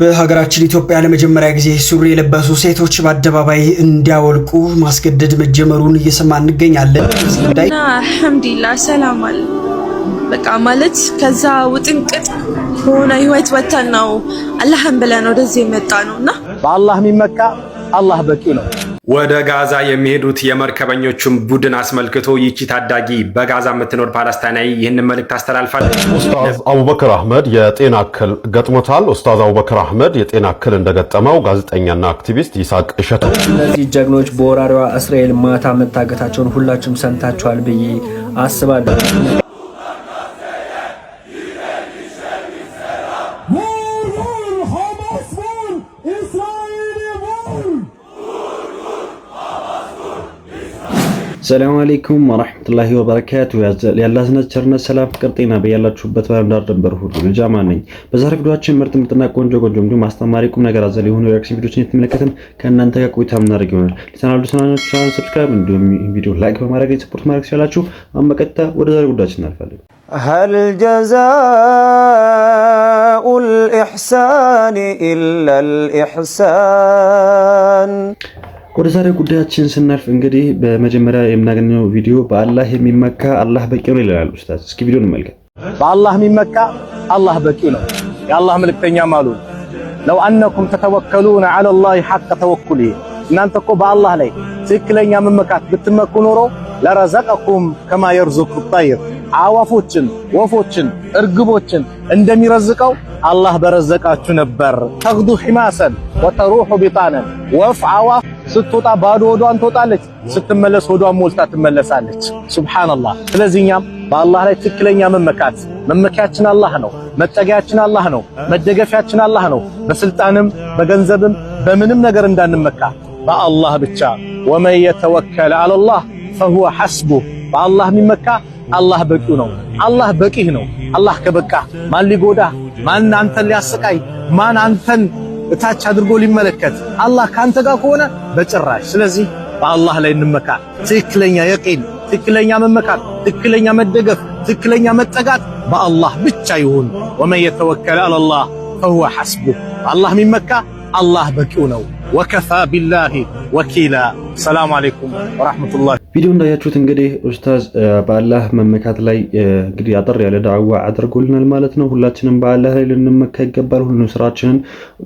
በሀገራችን ኢትዮጵያ ለመጀመሪያ ጊዜ ሱሪ የለበሱ ሴቶች በአደባባይ እንዲያወልቁ ማስገደድ መጀመሩን እየሰማ እንገኛለን። አልሐምዱሊላህ ሰላም አለ። በቃ ማለት ከዛ ውጥንቅጥ ከሆነ ህይወት ወተን ነው አላህን ብለን ወደዚህ የመጣ ነው እና በአላህ የሚመካ አላህ በቂ ነው። ወደ ጋዛ የሚሄዱት የመርከበኞቹን ቡድን አስመልክቶ ይቺ ታዳጊ በጋዛ የምትኖር ፓለስታይናዊ ይህን መልእክት አስተላልፋለች። ኡስታዝ አህመድ የጤና እክል ገጥሞታል። ኡስታዝ አቡበክር አህመድ የጤና እክል እንደገጠመው ጋዜጠኛና አክቲቪስት ይስሐቅ እሸቱ እነዚህ ጀግኖች በወራሪዋ እስራኤል ማታ መታገታቸውን ሁላችሁም ሰምታችኋል ብዬ አስባለሁ። ሰላም አለይኩም ወራህመቱላሂ ወበረካቱ። ያላዝነ ቸርነት ሰላም፣ ፍቅር፣ ጤና በያላችሁበት ባለም ዳር ድንበር ሁሉ ልጃማ ነኝ። በዛሬ ቪዲዮአችን ምርጥ ምርጥና ቆንጆ ቆንጆ እንዲሁም አስተማሪ ቁም ነገር አዘል የሆኑ ሪአክሽን ቪዲዮችን የተመለከትን ከእናንተ ጋር ቆይታ የምናደርግ ይሆናል። ለቻናሉ ተናናችሁ ቻናል ሰብስክራይብ እንዲሁም ቪዲዮ ላይክ በማድረግ ሰፖርት ማድረግ ሲላችሁ አመቀጥታ ወደ ዛሬ ጉዳያችን እናልፋለን። هل جزاء الإحسان إلا الإحسان ወደ ዛሬው ጉዳያችን ስናልፍ እንግዲህ በመጀመሪያ የምናገኘው ቪዲዮ በአላህ የሚመካ አላህ በቂ ነው ይላል ኡስታዝ። እስኪ ቪዲዮ እንመልከት። በአላህ የሚመካ አላህ በቂ ነው። የአላህ መልእክተኛም አሉ ለው አነኩም ተተወከሉና ዐለ አላህ ሐቀ ተወኩሊሂ፣ እናንተ እኮ በአላህ ላይ ትክክለኛ መመካት ብትመኩ ኖሮ ለረዘቀኩም ከማ የርዙቁ ጠይር፣ አዋፎችን፣ ወፎችን፣ እርግቦችን እንደሚረዝቀው አላህ በረዘቃችሁ ነበር። ተግዱ ሒማሰን ወተሩሑ ቢጣነን ወፍ አዋፍ ስትወጣ ባዶ ወዷን ትወጣለች፣ ስትመለስ ወዷን ሞልታ ትመለሳለች። ሱብሃንአላህ። ስለዚህ እኛም በአላህ ላይ ትክክለኛ መመካት መመኪያችን አላህ ነው። መጠጊያችን አላህ ነው። መደገፊያችን አላህ ነው። በስልጣንም በገንዘብም በምንም ነገር እንዳንመካ በአላህ ብቻ። ወመን የተወከል አለላህ ፈሁወ ሐስቡህ። በአላህ የሚመካ አላህ በቂው ነው። አላህ በቂህ ነው። አላህ ከበቃ ማን ሊጎዳ? ማን አንተን ሊያሰቃይ? ማን አንተን እታች አድርጎ ሊመለከት አላህ ካንተ ጋር ከሆነ በጭራሽ። ስለዚህ በአላህ ላይ እንመካ። ትክክለኛ የቂን፣ ትክክለኛ መመካት፣ ትክክለኛ መደገፍ፣ ትክክለኛ መጠጋት በአላህ ብቻ ይሁን። ወመን የተወከል አለላህ ፈሁወ ሐስቡ። በአላህ የሚመካ አላህ በቂው ነው። ወከፋ ቢላሂ ወኪላ ሰላም አለይኩም ወራህመቱላህ። ቪዲዮ እንዳያችሁት እንግዲህ ኡስታዝ በአላህ መመካት ላይ እንግዲህ አጠር ያለ ዳዋ አድርጎልናል ማለት ነው። ሁላችንም በአላህ ላይ ልንመካ ይገባል። ሁሉ ስራችንን፣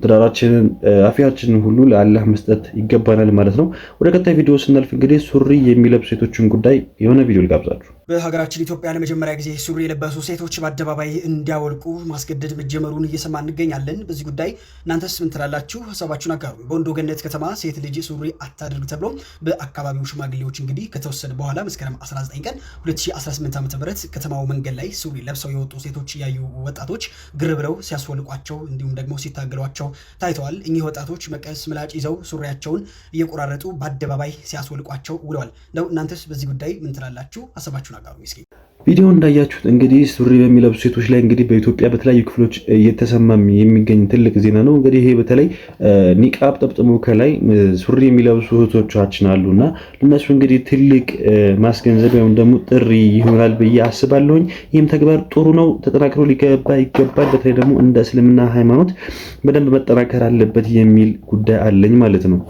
ትዳራችንን፣ አፊያችንን ሁሉ ለአላህ መስጠት ይገባናል ማለት ነው። ወደ ቀጣይ ቪዲዮ ስናልፍ እንግዲህ ሱሪ የሚለብሱ ሴቶችን ጉዳይ የሆነ ቪዲዮ ልጋብዛችሁ። በሀገራችን ኢትዮጵያ ለመጀመሪያ ጊዜ ሱሪ የለበሱ ሴቶች በአደባባይ እንዲያወልቁ ማስገደድ መጀመሩን እየሰማ እንገኛለን። በዚህ ጉዳይ እናንተስ ምን ትላላችሁ? ሀሳባችሁን አጋሩ። በወንዶ ገነት ከተማ ሴት ልጅ ሱሪ አታድርግ ተብሎ በአካባቢው ሽማግሌዎች እንግዲህ ከተወሰነ በኋላ መስከረም 19 ቀን 2018 ዓ ም ከተማው መንገድ ላይ ሱሪ ለብሰው የወጡ ሴቶች እያዩ ወጣቶች ግርብረው ሲያስወልቋቸው እንዲሁም ደግሞ ሲታገሏቸው ታይተዋል። እኚህ ወጣቶች መቀስ፣ ምላጭ ይዘው ሱሪያቸውን እየቆራረጡ በአደባባይ ሲያስወልቋቸው ውለዋል። እናንተስ በዚህ ጉዳይ ምን ትላላችሁ? ሀሳባችሁን አጋሩ። ቪዲዮ እንዳያችሁት እንግዲህ ሱሪ በሚለብሱ ሴቶች ላይ እንግዲህ በኢትዮጵያ በተለያዩ ክፍሎች እየተሰማም የሚገኝ ትልቅ ዜና ነው። እንግዲህ ይሄ በተለይ ኒቃብ ጠብጥሞ ከላይ ሱሪ የሚለብሱ እህቶቻችን አሉ እና ለእነሱ እንግዲህ ትልቅ ማስገንዘብ ወይም ደግሞ ጥሪ ይሆናል ብዬ አስባለሁኝ። ይህም ተግባር ጥሩ ነው፣ ተጠናክሮ ሊገባ ይገባል። በተለይ ደግሞ እንደ እስልምና ሃይማኖት በደንብ መጠናከር አለበት የሚል ጉዳይ አለኝ ማለት ነው።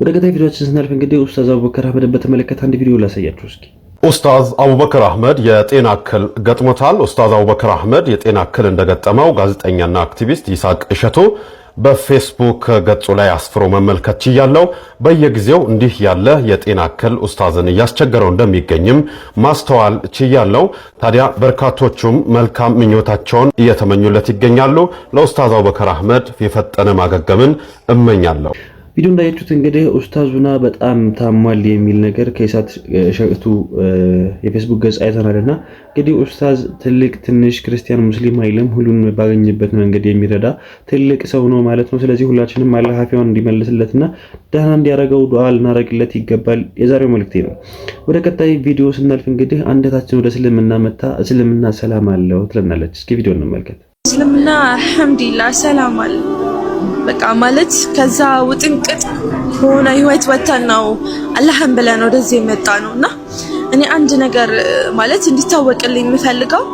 ወደ ቀጣይ ቪዲዮችን ስናልፍ እንግዲህ ኡስታዝ አቡበከር አህመድን በተመለከተ አንድ ቪዲዮ ላሳያችሁ እስኪ ኡስታዝ አቡበከር አህመድ የጤና እክል ገጥሞታል። ኡስታዝ አቡበከር አህመድ የጤና እክል እንደገጠመው ጋዜጠኛና አክቲቪስት ይስሐቅ እሸቱ በፌስቡክ ገጹ ላይ አስፍሮ መመልከት ችያለው። በየጊዜው እንዲህ ያለ የጤና እክል ኡስታዝን እያስቸገረው እንደሚገኝም ማስተዋል ችያለው። ታዲያ በርካቶቹም መልካም ምኞታቸውን እየተመኙለት ይገኛሉ። ለኡስታዝ አቡበከር አህመድ የፈጠነ ማገገምን እመኛለሁ። ቪዲዮ እንዳያችሁት እንግዲህ ኡስታዙና በጣም ታሟል የሚል ነገር ከኢሳት ሸቅቱ የፌስቡክ ገጽ አይተናል። እና እንግዲህ ኡስታዝ ትልቅ ትንሽ ክርስቲያን ሙስሊም አይልም፣ ሁሉን ባገኝበት መንገድ የሚረዳ ትልቅ ሰው ነው ማለት ነው። ስለዚህ ሁላችንም አለሀፊዋን እንዲመልስለት እንዲመልስለትና ደህና እንዲያደረገው ዱዓ ልናደረግለት ይገባል። የዛሬው መልክቴ ነው። ወደ ቀጣይ ቪዲዮ ስናልፍ እንግዲህ አንደታችን ወደ እስልምና መታ እስልምና ሰላም አለው ትለናለች። እስኪ ቪዲዮ እንመልከት። እስልምና አልሐምዱሊላህ ሰላም አለ በቃ ማለት ከዛ ውጥንቅጥ ከሆነ ህይወት ወተን ነው አላህን ብለን ወደዚህ የመጣ ነው እና እኔ አንድ ነገር ማለት እንዲታወቅልኝ የምፈልገው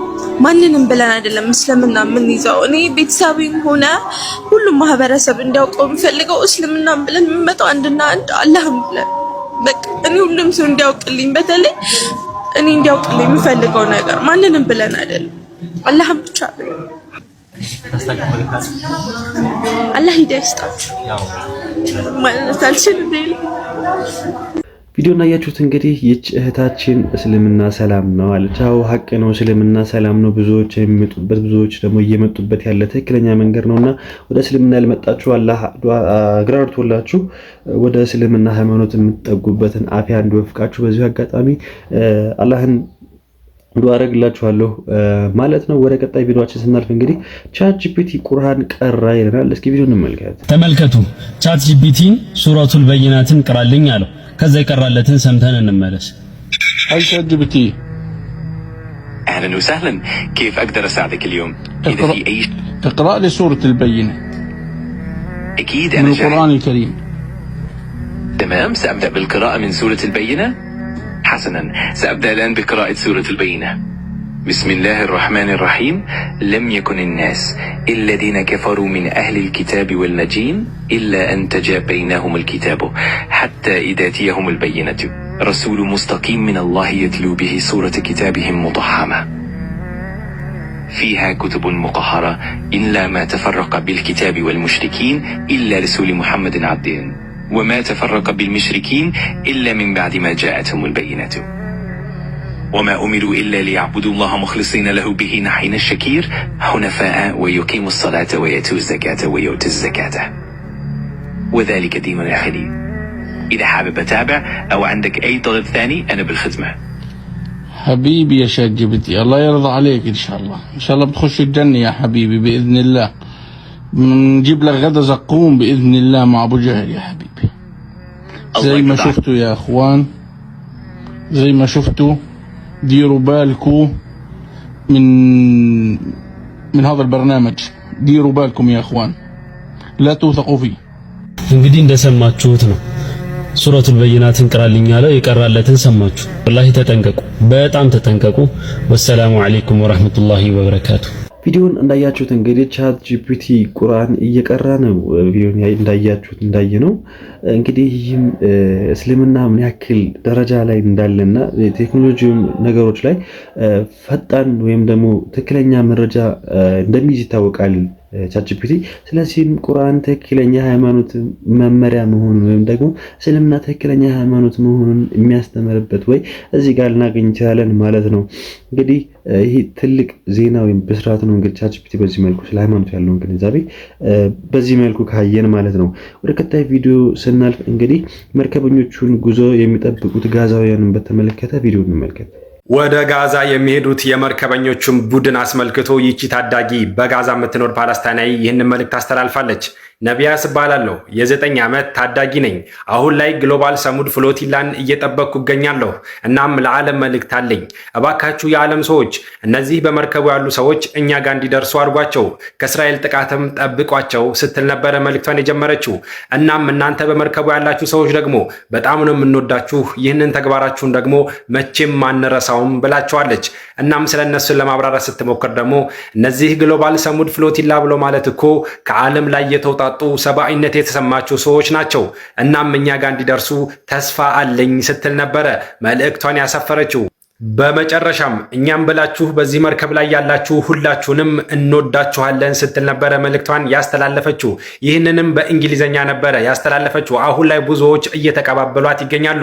ማንንም ብለን አይደለም እስልምና የምንይዘው። እኔ ቤተሰብም ሆነ ሁሉም ማህበረሰብ እንዲያውቀው የምፈልገው እስልምና ብለን የምመጣው አንድና አንድ አላህን ብለን በቃ እኔ ሁሉም ሰው እንዲያውቅልኝ፣ በተለይ እኔ እንዲያውቅልኝ የምፈልገው ነገር ማንንም ብለን አይደለም አላህን ብቻ አላህ ሂዳ ይስጣችሁ ቪዲዮ እናያችሁት እንግዲህ ይች እህታችን እስልምና ሰላም ነው አለች። አዎ ሀቅ ነው፣ እስልምና ሰላም ነው። ብዙዎች የሚመጡበት ብዙዎች ደግሞ እየመጡበት ያለ ትክክለኛ መንገድ ነው እና ወደ እስልምና ያልመጣችሁ አላህ አግራርቶላችሁ ወደ እስልምና ሃይማኖት የምትጠጉበትን አፍያ እንዲወፍቃችሁ በዚሁ አጋጣሚ አላህን ዱ አረግላችኋለሁ ማለት ነው። ወደ ቀጣይ ቪዲዮችን ስናልፍ እንግዲህ ቻት ጂፒቲ ቁርአን ቀራ ይለናል። እስኪ ቪዲዮ እንመልከት። ተመልከቱ። ቻት ጂፒቲን ሱረቱል በይናትን ቅራልኝ አለው። ከዛ የቀራለትን ሰምተን እንመለስ። አይ ቻት ጂፒቲ اهلا وسهلا كيف اقدر اساعدك اليوم اذا في اي اقرا لي سوره البينه اكيد انا من القران الكريم تمام سابدا بالقراءه من سوره البينه حسنا سأبدأ الآن بقراءة سورة البينة بسم الله الرحمن الرحيم لم يكن الناس الذين كفروا من أهل الكتاب والنجين إلا أن تجا بينهم الكتاب حتى إذا تيهم البينة رسول مستقيم من الله يتلو به سورة كتابهم مطحمة فيها كتب مقهرة إلا ما تفرق بالكتاب والمشركين إلا رسول محمد عبدين وما تفرق بالمشركين إلا من بعد ما جاءتهم البينات وما أمروا إلا ليعبدوا الله مخلصين له به نحين الشكير حنفاء ويقيموا الصلاة ويأتوا الزكاة ويؤتوا الزكاة وذلك دين الخليل إذا حابب أتابع أو عندك أي طلب ثاني أنا بالخدمة حبيبي يا شات جبتي الله يرضى عليك إن شاء الله إن شاء الله بتخش الجنة يا حبيبي بإذن الله نجيب لك غدا زقوم باذن الله مع ابو جهل يا حبيبي زي ما شفتوا يا اخوان زي ما شفتوا ديروا بالكم من من هذا البرنامج ديروا بالكم يا اخوان لا توثقوا فيه እንግዲህ እንደሰማችሁት ነው ሱረቱል በይናት እንቅራልኝ ያለው የቀራለትን والله ወላሂ بتام በጣም والسلام عليكم ورحمه الله وبركاته ቪዲዮን እንዳያችሁት እንግዲህ ቻት ጂፒቲ ቁርአን እየቀራ ነው። ቪዲዮን እንዳያችሁት እንዳየ ነው እንግዲህ ይህም እስልምና ምን ያክል ደረጃ ላይ እንዳለና ቴክኖሎጂ ነገሮች ላይ ፈጣን ወይም ደግሞ ትክክለኛ መረጃ እንደሚይዝ ይታወቃል። ቻችፒቲ ስለዚህም ቁርአን ትክክለኛ ሃይማኖት መመሪያ መሆኑን ወይም ደግሞ እስልምና ትክክለኛ ሃይማኖት መሆኑን የሚያስተምርበት ወይ እዚህ ጋር ልናገኝ እንችላለን ማለት ነው። እንግዲህ ይህ ትልቅ ዜና ወይም ብስራት ነው። እንግዲህ ቻችፒቲ በዚህ መልኩ ስለ ሃይማኖት ያለውን ግንዛቤ በዚህ መልኩ ካየን ማለት ነው። ወደ ቀጣይ ቪዲዮ ስናልፍ እንግዲህ መርከበኞቹን ጉዞ የሚጠብቁት ጋዛውያንን በተመለከተ ቪዲዮ እንመልከት። ወደ ጋዛ የሚሄዱት የመርከበኞቹን ቡድን አስመልክቶ ይቺ ታዳጊ በጋዛ የምትኖር ፓለስታይናዊ ይህንን መልእክት አስተላልፋለች። ነቢያስ እባላለሁ። የዘጠኝ ዓመት ታዳጊ ነኝ። አሁን ላይ ግሎባል ሰሙድ ፍሎቲላን እየጠበቅኩ እገኛለሁ። እናም ለዓለም መልእክት አለኝ። እባካችሁ የዓለም ሰዎች፣ እነዚህ በመርከቡ ያሉ ሰዎች እኛ ጋር እንዲደርሱ አድርጓቸው፣ ከእስራኤል ጥቃትም ጠብቋቸው ስትል ነበረ መልእክቷን የጀመረችው። እናም እናንተ በመርከቡ ያላችሁ ሰዎች ደግሞ በጣም ነው የምንወዳችሁ፣ ይህንን ተግባራችሁን ደግሞ መቼም ማንረሳውም ብላችኋለች። እናም ስለ እነሱን ለማብራራት ስትሞክር ደግሞ እነዚህ ግሎባል ሰሙድ ፍሎቲላ ብሎ ማለት እኮ ከዓለም ላይ የተውጣ የተቆጡ ሰብአዊነት የተሰማቸው ሰዎች ናቸው። እናም እኛ ጋር እንዲደርሱ ተስፋ አለኝ ስትል ነበረ መልእክቷን ያሰፈረችው። በመጨረሻም እኛም ብላችሁ በዚህ መርከብ ላይ ያላችሁ ሁላችሁንም እንወዳችኋለን ስትል ነበረ መልእክቷን ያስተላለፈችው። ይህንንም በእንግሊዝኛ ነበረ ያስተላለፈችው። አሁን ላይ ብዙዎች እየተቀባበሏት ይገኛሉ።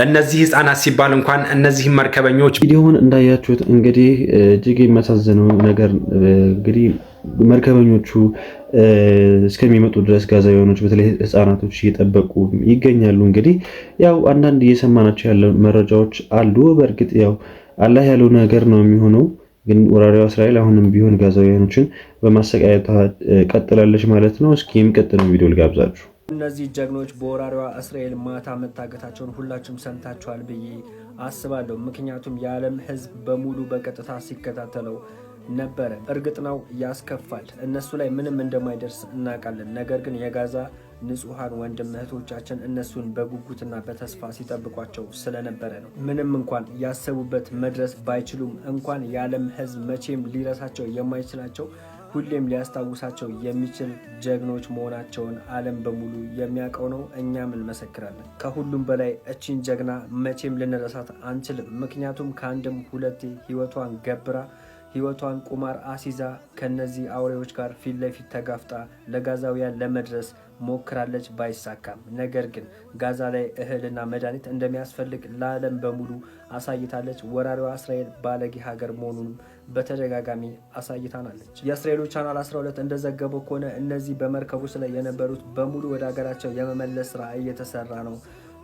ለእነዚህ ሕፃናት ሲባል እንኳን እነዚህ መርከበኞች ቪዲዮውን እንዳያችሁት እንግዲህ እጅግ የሚያሳዝነው ነገር እንግዲህ መርከበኞቹ እስከሚመጡ ድረስ ጋዛውያኖች በተለይ ሕፃናቶች እየጠበቁ ይገኛሉ። እንግዲህ ያው አንዳንድ እየሰማናቸው ያለ መረጃዎች አሉ። በእርግጥ ያው አላህ ያለው ነገር ነው የሚሆነው። ግን ወራሪዋ እስራኤል አሁንም ቢሆን ጋዛውያኖችን በማሰቃየት ቀጥላለች ማለት ነው። እስኪ የሚቀጥለው ቪዲዮ ልጋብዛችሁ። እነዚህ ጀግኖች በወራሪዋ እስራኤል ማታ መታገታቸውን ሁላችሁም ሰምታችኋል ብዬ አስባለሁ። ምክንያቱም የዓለም ህዝብ በሙሉ በቀጥታ ሲከታተለው ነበረ። እርግጥ ነው ያስከፋል፣ እነሱ ላይ ምንም እንደማይደርስ እናውቃለን። ነገር ግን የጋዛ ንጹሐን ወንድም እህቶቻችን እነሱን በጉጉትና በተስፋ ሲጠብቋቸው ስለነበረ ነው። ምንም እንኳን ያሰቡበት መድረስ ባይችሉም እንኳን የዓለም ሕዝብ መቼም ሊረሳቸው የማይችላቸው ሁሌም ሊያስታውሳቸው የሚችል ጀግኖች መሆናቸውን ዓለም በሙሉ የሚያውቀው ነው። እኛም እንመሰክራለን። ከሁሉም በላይ እቺን ጀግና መቼም ልንረሳት አንችልም። ምክንያቱም ከአንድም ሁለቴ ህይወቷን ገብራ ህይወቷን ቁማር አሲዛ ከነዚህ አውሬዎች ጋር ፊት ለፊት ተጋፍጣ ለጋዛውያን ለመድረስ ሞክራለች ባይሳካም፣ ነገር ግን ጋዛ ላይ እህልና መድኃኒት እንደሚያስፈልግ ለዓለም በሙሉ አሳይታለች። ወራሪዋ እስራኤል ባለጌ ሀገር መሆኑንም በተደጋጋሚ አሳይታናለች። የእስራኤሉ ቻናል 12 እንደዘገበው ከሆነ እነዚህ በመርከቡ ላይ የነበሩት በሙሉ ወደ ሀገራቸው የመመለስ ስራ እየተሰራ ነው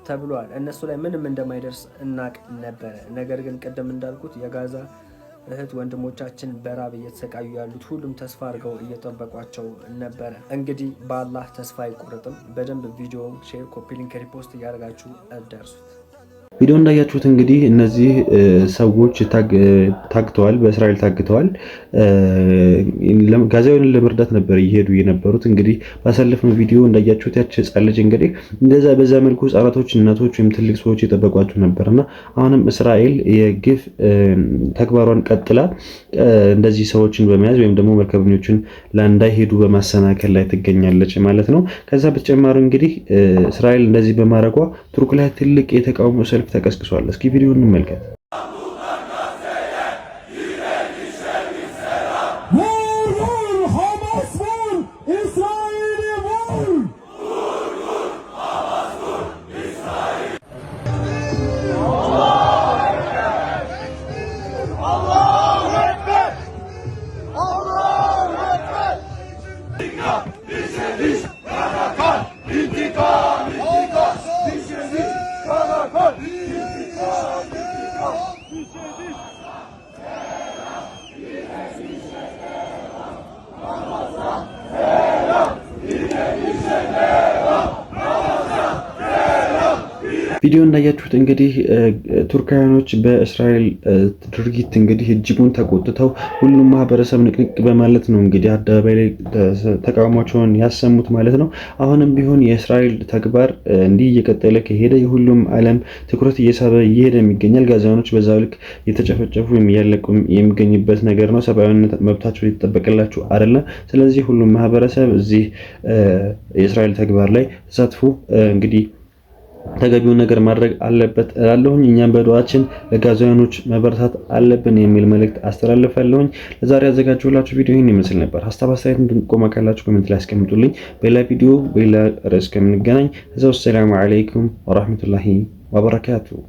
ተብሏል። እነሱ ላይ ምንም እንደማይደርስ እናቅ ነበረ። ነገር ግን ቅድም እንዳልኩት የጋዛ እህት ወንድሞቻችን በራብ እየተሰቃዩ ያሉት ሁሉም ተስፋ አድርገው እየጠበቋቸው ነበረ። እንግዲህ በአላህ ተስፋ አይቆርጥም። በደንብ ቪዲዮውን ሼር፣ ኮፒ ሊንክ፣ ሪፖስት እያደረጋችሁ ደርሱት። ቪዲዮ እንዳያችሁት እንግዲህ እነዚህ ሰዎች ታግተዋል፣ በእስራኤል ታግተዋል። ጋዜያዊን ለመርዳት ነበር እየሄዱ የነበሩት። እንግዲህ ባሳለፍነው ቪዲዮ እንዳያችሁት ያች ህጻን ልጅ እንግዲህ እንደዛ በዛ መልኩ ህጻናቶች፣ እናቶች ወይም ትልቅ ሰዎች የጠበቋቸው ነበር እና አሁንም እስራኤል የግፍ ተግባሯን ቀጥላ እንደዚህ ሰዎችን በመያዝ ወይም ደግሞ መርከበኞችን እንዳይሄዱ በማሰናከል ላይ ትገኛለች ማለት ነው። ከዛ በተጨማሪ እንግዲህ እስራኤል እንደዚህ በማድረጓ ቱርክ ላይ ትልቅ የተቃውሞ ሰልፍ ተቀስቅሷል። እስኪ ቪዲዮ እንመልከት። ቪዲዮ እንዳያችሁት እንግዲህ ቱርካውያኖች በእስራኤል ድርጊት እንግዲህ እጅጉን ተቆጥተው ሁሉም ማህበረሰብ ንቅንቅ በማለት ነው እንግዲህ አደባባይ ላይ ተቃውሟቸውን ያሰሙት ማለት ነው። አሁንም ቢሆን የእስራኤል ተግባር እንዲህ እየቀጠለ ከሄደ የሁሉም ዓለም ትኩረት እየሳበ እየሄደ ይገኛል። ጋዛኖች በዛ ልክ የተጨፈጨፉ የሚያለቁ የሚገኝበት ነገር ነው። ሰብአዊነት መብታቸው የተጠበቀላችሁ አይደለም። ስለዚህ ሁሉም ማህበረሰብ እዚህ የእስራኤል ተግባር ላይ ተሳትፎ እንግዲህ ተገቢውን ነገር ማድረግ አለበት እላለሁኝ። እኛም በዱዓችን ለጋዜጠኞች መበረታት አለብን የሚል መልእክት አስተላልፋለሁኝ። ለዛሬ ያዘጋጀሁላችሁ ቪዲዮ ይህን ይመስል ነበር። ሀሳብ አስተያየት እንድንቆማ ካላችሁ ኮሜንት ላይ አስቀምጡልኝ። በሌላ ቪዲዮ በሌላ ርዕስ ከምንገናኝ እዛው ሰላሙ አለይኩም ወራህመቱላሂ ወበረካቱሁ።